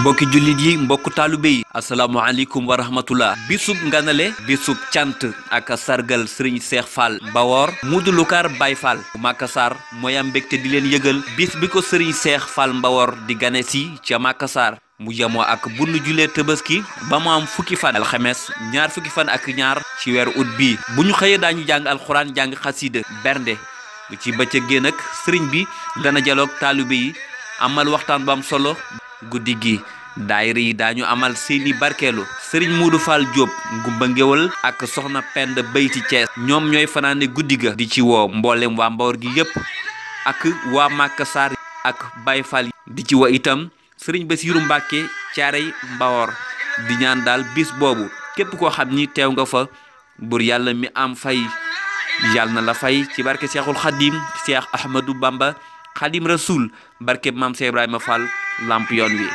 mbokki jullit yi mbokku taalibe yi asalaamaaleykum wa rahmatullah bisub nganale bisub cant ak sargal sëriñ seex fall mbawoor muudu lukaar bay fall makassar mooy am mbégte di leen yëgal bis bi ko sëriñ seex fall mbawoor di gane si ca makassar mu jamoo ak bunu julee tëbaski ba mu am fukki fan alxames ñaar fukki fan ak ñaar ci weeru ut bi bu ñu xëyee daañu jàng alxuraan jàng xasiida bernde ci bëccëg génn sëriñ bi dana jaloog taalibe yi amal waxtaan bu am solo guddi gi daayira yi daañu amal seeni barkeelu sëriñ Modou Fall Diop ngumba ngéwal ak soxna Pend Bayti Thiès ñoom ñooy fanaane guddi ga di ci woo mboolem waa Mbawar gi yépp ak waa Màkka Sarr ak bay Fall di ci woo itam Serigne Bassirou Mbacke Thiaray Mbawar di ñaan daal bis boobu képp koo xam ni teew nga fa bur yàlla mi am fay yàlla na la fay ci barke seexul Khadim Cheikh Ahmadou Bamba Khadim Rasoul barke Maam Cheikh Ibrahima Fall làmp yoon wi